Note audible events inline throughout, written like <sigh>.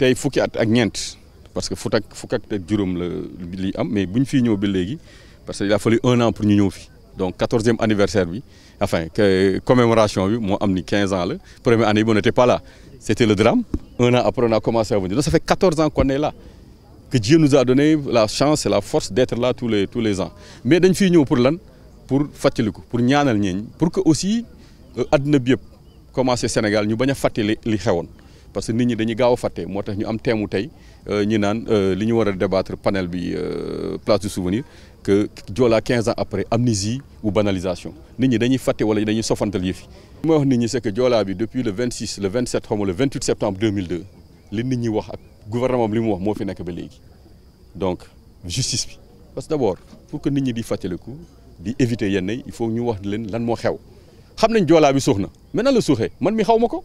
tey fukki at ak ñeent parce que fukk ak fukk juróom la li am mais bu ñu fii ñëw ba léegi parce que il a fallu un an pour ñu ñëw fi donc quatorzième anniversaire bi enfin que commémoration bi moo am ni quinze ans la première année bi on n'était pas là le drame un an après on a commencé à venir donc ça fait quatorze ans qu'on est là que Dieu nous a la chance la force d'être là tous les tous les ans mais dañ fiy ñëw pour lan pour fàttaliku pour ñaanal ñeeñ pour que aussi àdduna euh, bi yëpp commencé Sénégal ñu bañ a fàttali li xewoon parce que nit ñi dañuy gaaw a fàtte moo tax ñu am teemu tey euh, ñi naan euh, li ñu war a débattre panel bi euh, place du souvenir que Joola 15 ans après amnésie ou banalisation nit ñi dañuy fatte wala dañuy sofantal yëf yi. li may wax nit ñi c'est que Joola bi depuis le 26 le 27 xaw ma le 28 septembre li nit ñi wax ak gouvernement li mu wax moo fi nekk ba léegi donc justice bi parce que d'abord pour que nit ñi di fàttaliku di éviter yenn il faut ñu wax leen lan moo xew xam nañ Joola bi suux na maintenant la suuxee man mi xaw ma ko.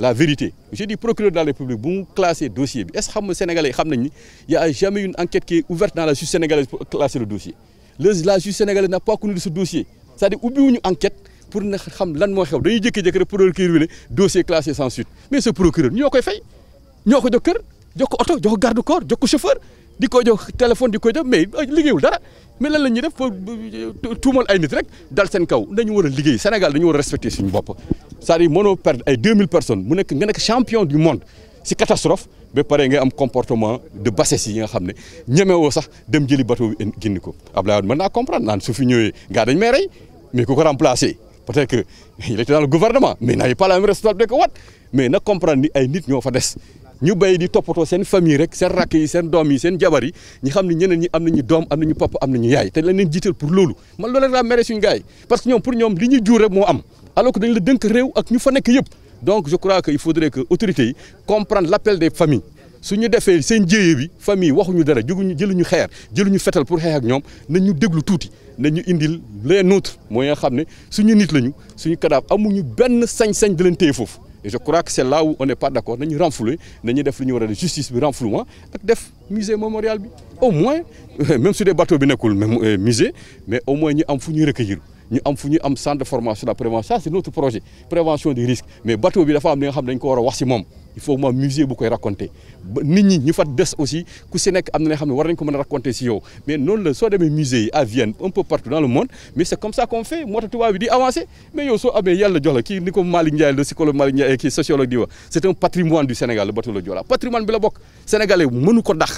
la vérité je procureur de la République bu mu classé dossier bi est xam nga xam nañ ni y a jamais une enquête qui ouverte dans la justice sénégalaise la justice sénégalaise n'a pas connu de ce dossier c'est-à-dire ubbiwuñu enquête pour na xam lan moo xew dañuy jékki-jékki rek procureur bi ne dossier classé sans suite mais ce procureur ñoo koy fay ñoo ko jox kër oto jox ko garde corps jox ko chauffeur di ko jox téléphone di ko jox mais liggéeyul dara mais lan la ñuy def euh, tuumal ay nit rek dal seen kaw dañu war a liggéey Sénégal dañu war a respecter suñu bopp c'est-à-dire mënoo perdre ay 2000 personnes mu nekk nga nekk champion du monde si catastrophe ba pare ngay am comportement de bassesse yi nga xam ne ñemewoo sax dem jëli bateau bi génn ko Abdoulaye Wade su fi ñëwee gars dañ may rey mais ku ko remplacer peut-être que <laughs> il na nit ñoo fa des ñu béy di toppatoo seen famille yi seen doom yi seen jabar yi ne ñeneen ñi am nañu doom am nañu papa am nañu yaay te lañ leen jiital pour loolu man loolu rek laa mere suñu gars yi parce que ñoom pour ñoom li ñu jur rek moo am alors dañu dañ la dënk réew ak ñu fa nekk yëpp donc je crois que il faudrait que autorités yi comprendre l'appel des familles su ñu defee seen jéye bi famille waxuñu dara juguñu jëluñu xeer jëluñu fetal pour xeex ak ñoom nañu ñu déglu tuuti nañ ñu indil les nôtres mooy nga xam ne suñu nit lañu suñu kadaaf amuñu benn sañ-sañ di leen foofu. et je crois que c'est la où on n'est pas d'accord nañu renflouer nañu def lu ñu war a def justice bi renflouement ak def musée mémorial bi au moins <laughs> même su dee bateau bi nekkul même euh, musée mais au moins ñu am fu ñuy recueillir. ñu am fu ñu am centre de formation de la prévention ça c'est notre projet prévention des risques mais bateau bi dafa am li xam dañ ko war a wax ci moom il faut moom musée bu koy raconter ba nit ñi ñu des aussi ku ci am na nga xam ne war nañ ko mën a raconter ci yow mais noonu la soo demee musée yi à Vienne un peu partout dans le monde mais c'est comme ça qu'on fait moo tax tubaab di avancer mais yow soo amee yàlla jox la kii ni ko Malick la bokk sénégalais mënu ko dax